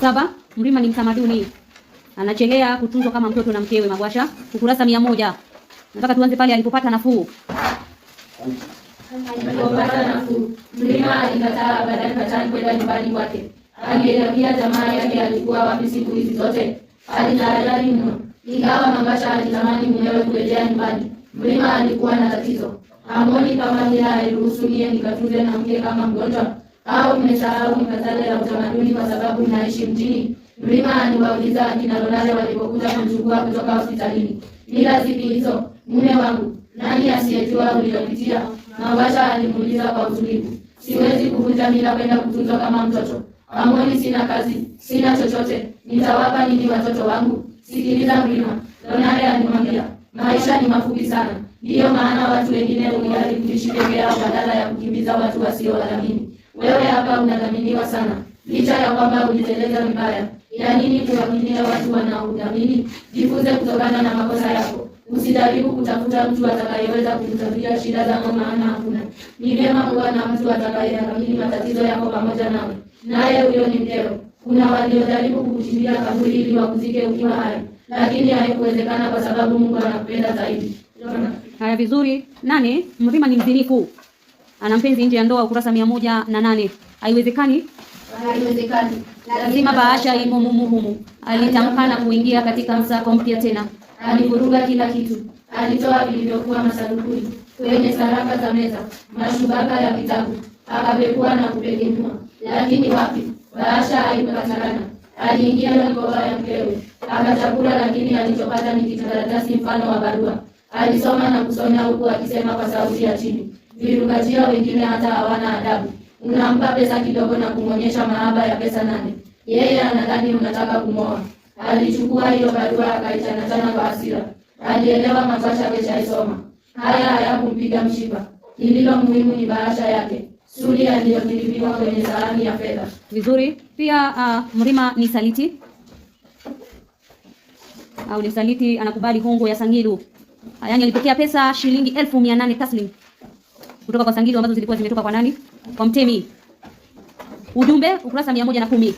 Saba, Mrima ni mtamaduni. Anachelea kutunzwa kama mtoto na mkewe Magwasha, ukurasa mia moja. Nataka tuanze pale alipopata nafuu. Alipopata nafuu, Mrima alikataa Abadani Batan kwenda nyumbani kwake. Aliyeambia jamaa yake alikuwa wapi siku hizi zote. Alitahadhari mno. Ingawa Magwasha alitamani mwenyewe kurejea nyumbani, Mrima alikuwa na tatizo. Amoni kama hila aliruhusu niye nikatunze na mke kama mgonjwa au mmesahau mkazale ya utamaduni kwa sababu mnaishi mjini? Mlima aliwauliza akina Lonare walipokuja kumchukua kutoka hospitalini. Mila zipi hizo mume wangu? Nani asiyejua uliyopitia? Mawasha alimuuliza kwa utulivu. Siwezi kuvunja mila kwenda kutunzwa kama mtoto. Pamoni sina kazi, sina chochote, nitawapa nini watoto wangu? Sikiliza Mlima, Lonare alimwambia, maisha ni mafupi sana, ndiyo maana watu wengine uliali kuishi peke yao badala ya kukimbiza watu wasiowathamini. Wewe hapa unadhaminiwa sana, licha ya kwamba uliteleza vibaya. Ina nini kuwakilia watu wanaodhamini? Jifunze kutokana na makosa yako. Usijaribu kutafuta mtu atakayeweza kukutatua shida zako, maana hakuna. Ni vyema kuwa na mtu atakayedhamini matatizo yako pamoja nawe, naye huyo ni mkeo. Kuna waliojaribu kukuchimbia kaburi ili wakuzike ukiwa hai, lakini haikuwezekana kwa sababu Mungu anakupenda zaidi. Haya, vizuri. nani mzima ni mzinifu ana mpenzi nje ya ndoa, ukurasa mia moja na nane. Haiwezekani, haiwezekani, lazima Baasha imo Alitamkana kuingia katika msako mpya tena, alivuruga kila kitu, alitoa vilivyokuwa masandukuni, kwenye sarafa za meza, mashubaka ya vitabu, akapekua na kupegemua, lakini wapi! Baasha haikukatarana. Aliingia na mikoba ya mkewe akachakula, lakini alichopata ni kikaratasi mfano wa barua. Alisoma na kusomea huku akisema kwa sauti ya chini vilukatia wengine hata hawana adabu. Unampa pesa kidogo na kumwonyesha mahaba ya pesa nane. Yeye anadhani unataka kumoa. Alichukua hiyo barua akaichanachana kwa hasira. Alielewa Natasha keshaisoma. Haya hayakumpiga mshipa. Lililo muhimu ni bahasha yake suli aliyotilipiwa kwenye sahani ya fedha. Vizuri pia. Uh, Mrima ni saliti au ni saliti anakubali hongo ya Sangilu. Yaani alipokea pesa shilingi elfu mia nane taslim kutoka kwa sangili ambazo zilikuwa zimetoka kwa nani? Kwa mtemi. Ujumbe ukurasa 110.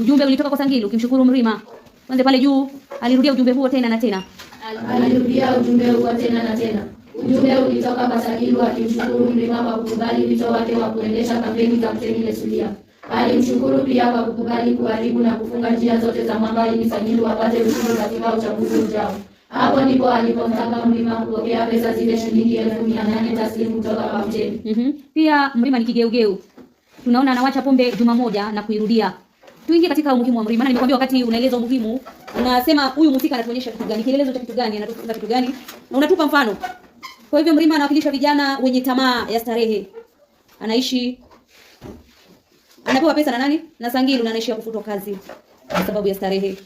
Ujumbe ulitoka kwa sangili ukimshukuru Mrima. Kwanza pale juu alirudia ujumbe huo tena na tena. Alirudia ujumbe huo tena na tena. Ujumbe ulitoka kwa Sagilu akimshukuru Mrima kwa kukubali wito wake wa kuendesha kampeni za Mtemi Lesulia. Alimshukuru pia kwa kukubali kuharibu na kufunga njia zote za mwamba ili Sagilu apate ushindi katika uchaguzi ujao. Hapo ndipo alipomtaka mlima kupokea pesa zile shilingi elfu mia nane taslimu kutoka kwa mtemi. mm -hmm. Pia mlima ni kigeugeu, tunaona anawacha pombe juma moja na kuirudia. Tuingie katika umuhimu wa mlima, Na nimekuambia wakati unaeleza umuhimu, unasema huyu mhusika anatuonyesha kitu gani, kielelezo cha kitu gani, anatufunza kitu gani, na unatupa mfano. Kwa hivyo mlima anawakilisha vijana wenye tamaa ya starehe, anaishi anapewa pesa na nani? Na Sangilu, na anaishia kufutwa kazi kwa sababu ya starehe.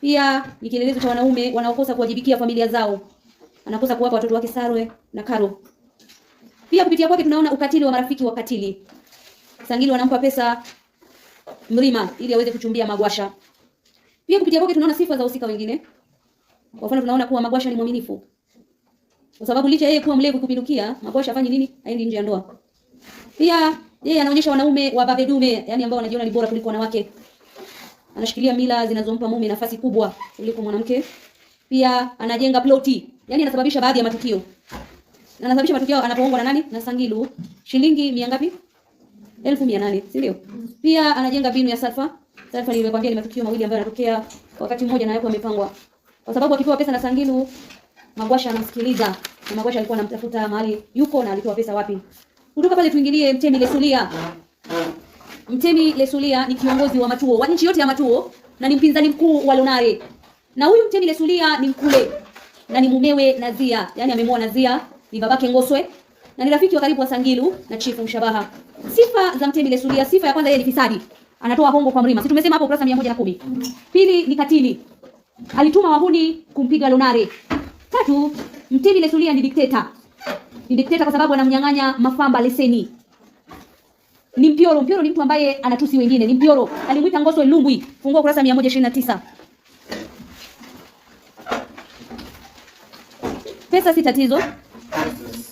Pia ni kielelezo cha wanaume wanaokosa kuwajibikia familia zao, anakosa kuwapa watoto wake sarwe na karo. Pia kupitia kwake tunaona ukatili wa marafiki wa katili. Sangili wanampa pesa Mrima ili aweze kuchumbia Magwasha. Pia kupitia kwake tunaona sifa za wahusika wengine. Kwa mfano tunaona kuwa Magwasha ni mwaminifu. Kwa sababu licha yeye kuwa mlevu kupindukia, Magwasha afanye nini? Aende nje ya ndoa. Pia yeye anaonyesha wanaume wa babedume, yani ambao wanajiona ni bora kuliko wanawake anashikilia mila zinazompa mume nafasi kubwa kuliko mwanamke. Pia anajenga ploti, yani anasababisha baadhi ya matukio, anasababisha matukio anapoongwa na nani? Na Sangilu. Shilingi mia ngapi? elfu mia nane si ndio? Pia anajenga binu ya salfa. Salfa nilikwambia ni matukio mawili ambayo yanatokea wakati mmoja na yako yamepangwa, kwa sababu akipewa pesa na Sangilu Magwasha anamsikiliza na Magwasha alikuwa anamtafuta mahali yuko na alipewa pesa wapi. Kutoka pale tuingilie mtemi Lesulia. Mtemi Lesulia ni kiongozi wa Matuo wa nchi yote ya Matuo na ni mpinzani mkuu wa Lonare, na huyu Mtemi Lesulia ni mkule na ni mumewe Nazia, yani amemoa Nazia, ni babake Ngoswe na ni rafiki wa karibu wa Sangilu na Chifu Mshabaha. Sifa za Mtemi Lesulia, sifa ya kwanza, yeye ni fisadi, anatoa hongo kwa mlima, si tumesema hapo ukurasa 110. Pili ni katili, alituma wahuni kumpiga Lonare. Tatu, Mtemi Lesulia ni dikteta, ni dikteta kwa sababu anamnyang'anya Mafamba leseni ni Mpiolo. Mpiolo ni mtu ambaye anatusi wengine, ni Mpiolo. Alimwita Ngoswe Lumbwi, fungua kurasa 129. Pesa si tatizo,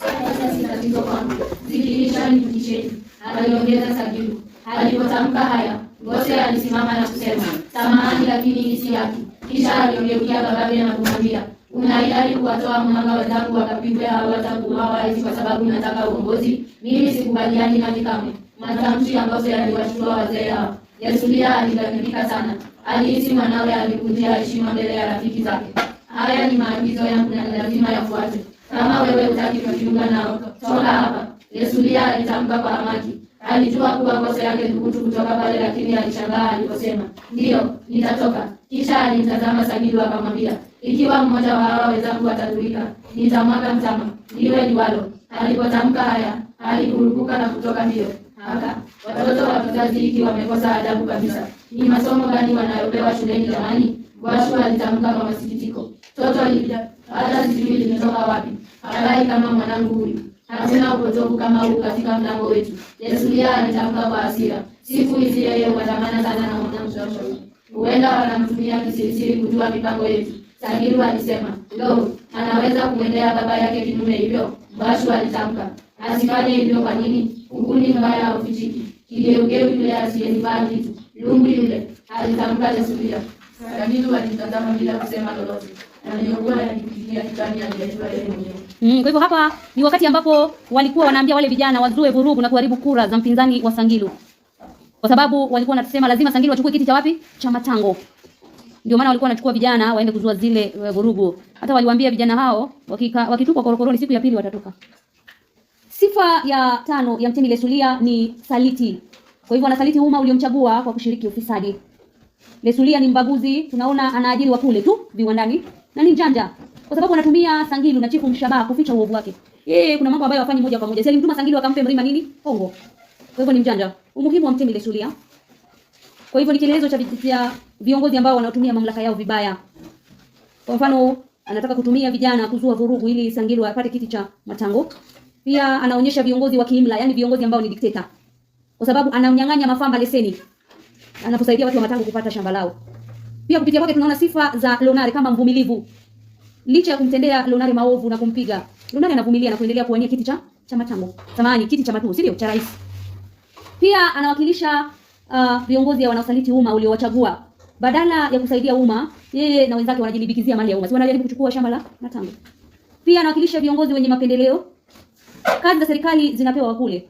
pesa si tatizo kwangu, zikilishani kicheni. Aliongeza Sagilu. Alipotamka haya, Ngoswe alisimama na kusema samahani, lakini hii si haki. Kisha aliongeukia Bagabe na kumwambia unaidari kuwatoa mhanga wenzangu wakapigwa, hawatakuwawa eti kwa sababu nataka uongozi? Mimi sikubaliani na kamwe matamshi ambazo yaliwashtua wazee hao. yesulia alidhalilika sana, alihisi mwanawe alimvunjia heshima mbele ya rafiki zake. Haya ni maagizo yangu na lazima yafuate. Kama wewe utaki kujiunga nao, toka hapa, yesulia alitamka kwa hamaki. Alijua kuwa kosa yake dhubutu kutoka pale, lakini alishangaa aliposema ndiyo, nitatoka. Kisha alimtazama Sagilu akamwambia, ikiwa mmoja wa hawa wenzangu atadhurika, nitamwaga mtama liwe liwalo. Alipotamka haya, alikurukuka na kutoka mbio haka watoto wa kizazi hiki wamekosa adabu kabisa. Ni masomo gani wanayopewa shuleni jamani? Washu alitamka kwa masikitiko. Toto alipita hata sijui limetoka wapi. Halai kama mwanangu huyu hatuna upotovu kama huu katika mlango wetu. Yesulia alitamka kwa hasira. Siku hizi yeye watamana sana na mwanamshosho, huenda wanamtumia kisirisiri kujua mipango yetu. Sagiru alisema, lo, anaweza kuendea baba yake kinume hivyo? Bashu alitamka, asifanye hivyo. Kwa nini? kivuli mbaya ufichiki, kigeugeu yule asiyevaa kitu, lumbi yule alitamka Yesulia. Lakini walitazama bila kusema lolote, aliyokuwa yanikilia kitani aliyejua yeye mwenyewe. Mm, kwa hivyo hapa ni wakati ambapo walikuwa wanaambia wale vijana wazue vurugu na kuharibu kura za mpinzani wa Sangilu, kwa sababu walikuwa wanasema lazima Sangilu achukue kiti cha wapi? Cha Matango. Ndio maana walikuwa wanachukua vijana waende kuzua zile eh, vurugu. Hata waliwaambia vijana hao wakika, wakitupwa korokoroni siku ya pili watatoka. Sifa ya tano ya mtemi Lesulia ni saliti. Kwa hivyo anasaliti umma uliomchagua kwa kushiriki ufisadi. Lesulia ni mbaguzi, tunaona anaajiri kule tu viwandani na ni mjanja kwa sababu anatumia Sangilu na Chifu Mshabaha kuficha uovu wake. Yeye kuna mambo ambayo hafanyi moja kwa moja. Si alimtuma Sangilu akampe Mrima nini? Hongo. Kwa hivyo ni mjanja. Umuhimu wa mtemi Lesulia. Kwa hivyo ni kielelezo cha vijana viongozi ambao wanatumia mamlaka yao vibaya. Kwa mfano, anataka kutumia vijana kuzua vurugu ili Sangilu apate kiti cha matango. Pia anaonyesha viongozi wa kiimla, yani viongozi ambao ni dikteta, kwa sababu anamnyang'anya mafamba leseni anaposaidia watu wa Matango kupata shamba lao. Pia kupitia kwake tunaona sifa za Lonare kama mvumilivu. Licha ya kumtendea Lonare maovu na kumpiga, Lonare anavumilia na kuendelea kuwania kiti cha cha Matango. tamani kiti cha Matungu, sio cha rais. Pia anawakilisha uh, viongozi ya wanaosaliti umma uliowachagua. Badala ya kusaidia umma, yeye na wenzake wanajilibikizia mali ya umma. Si wanajaribu kuchukua shamba la Matango. Pia anawakilisha viongozi wenye mapendeleo kazi za serikali zinapewa wakule,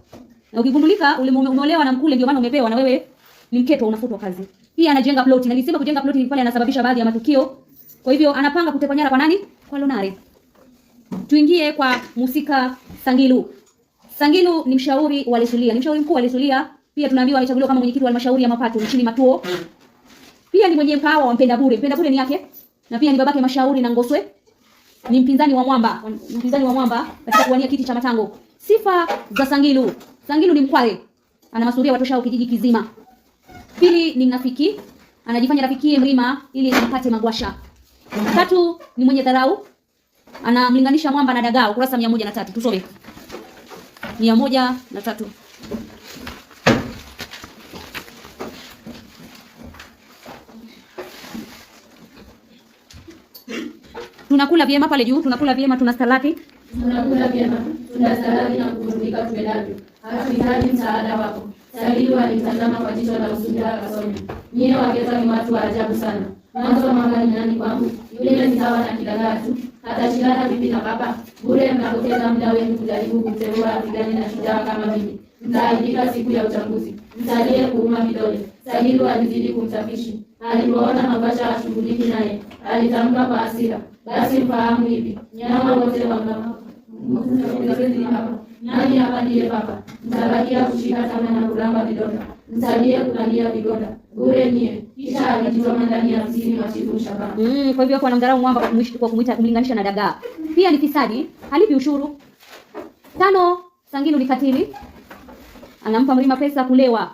na ukigundulika umeolewa na mkule, ndio maana umepewa na wewe ni mketo, unafutwa kazi. Pia anajenga ploti, na nilisema kujenga ploti pale anasababisha baadhi ya matukio. Kwa hivyo anapanga kutekwa nyara kwa nani? Kwa Lonare. Tuingie kwa Musika Sangilu. Sangilu ni mshauri wa Lesulia, ni mshauri mkuu wa Lesulia. Pia tunaambiwa alichaguliwa kama mwenyekiti wa halmashauri ya mapato nchini Matuo. Pia ni mwenye mpawa wa Mpenda Bure. Mpenda Bure ni yake na pia ni babake Mashauri na Ngoswe ni mpinzani wa Mwamba, mpinzani wa Mwamba katika kuwania kiti cha Matango. Sifa za Sangilu. Sangilu ni Mkwale, ana masuria watoshao kijiji kizima. Pili ni mnafiki, anajifanya rafikie mlima ili ampate Magwasha. Tatu ni mwenye dharau, anamlinganisha Mwamba na Dagaa, ukurasa mia moja na tatu. Tusome mia moja na tatu. tunakula vyema pale juu, tunakula vyema, salati, tunakula vyema, tuna salati na kuburudika tupendavyo. Hatuhitaji msaada wako. Salili walitazama kwa jicho la usujaa akasoma, nyie Waketa ni watu wa ajabu sana. Mwanzo mama ni nani kwangu? Yule ni sawa na kidagaa tu, hatashindana vipi na baba? Bure mnapoteza muda wenu kujaribu kumteua apigane na shujaa kama mimi. Mtaaibika siku ya uchaguzi, mtalie kuuma vidole Tajiri alizidi kumtapishi, alipoona mabasha ashughuliki naye, alitamka kwa hasira, basi mfahamu hivi, nyama wote hapa, nani hapa ndiye papa? Mtabakia kushika tama na kulamba vidonda, msalie kulalia vidonda bure nie Kisha alijitoma ndani ya msini wa Chifu Shabani. Mm, kwa hivyo kwa namdharau mwamba kwa kumwita kumlinganisha na dagaa, pia ni fisadi, halipi ushuru. Tano, sanginu ni katili, anampa mlima pesa kulewa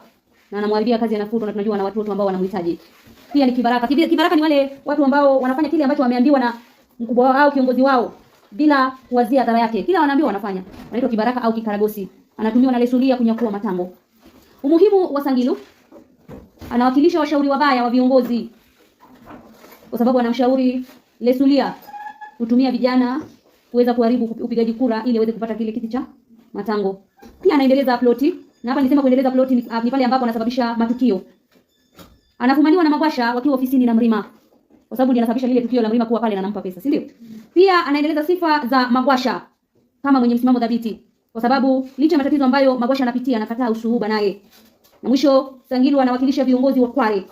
na anamwambia kazi anafutwa, na tunajua na watu wote ambao wanamhitaji. Pia ni kibaraka. Kibaraka ni wale watu ambao wanafanya kile ambacho wameambiwa na mkubwa wao au kiongozi wao bila kuwazia adhara yake. Kila wanaambiwa wanafanya. Wanaitwa kibaraka au kikaragosi. Anatumiwa na Lesulia ya kunyakua matango. Umuhimu wa Sangilu anawakilisha washauri wabaya wa viongozi kwa sababu anamshauri Lesulia kutumia vijana kuweza kuharibu upigaji kura ili aweze kupata kile kiti cha matango. Pia anaendeleza ploti na hapa nilisema kuendeleza ploti ah, ni pale ambapo anasababisha matukio. Anafumaniwa na Magwasha wakiwa ofisini na Mrima. Kwa sababu ndiye anasababisha lile tukio la Mrima kuwa pale na anampa pesa, si ndio? Pia anaendeleza sifa za Magwasha kama mwenye msimamo dhabiti. Kwa sababu licha matatizo ambayo Magwasha anapitia anakataa usuhuba naye. Na mwisho Sangilu anawakilisha viongozi wa Kwale.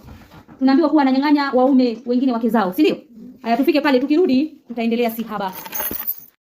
Tunaambiwa kuwa ananyang'anya waume wengine wake zao, si ndio? Haya, tufike pale, tukirudi tutaendelea si haba.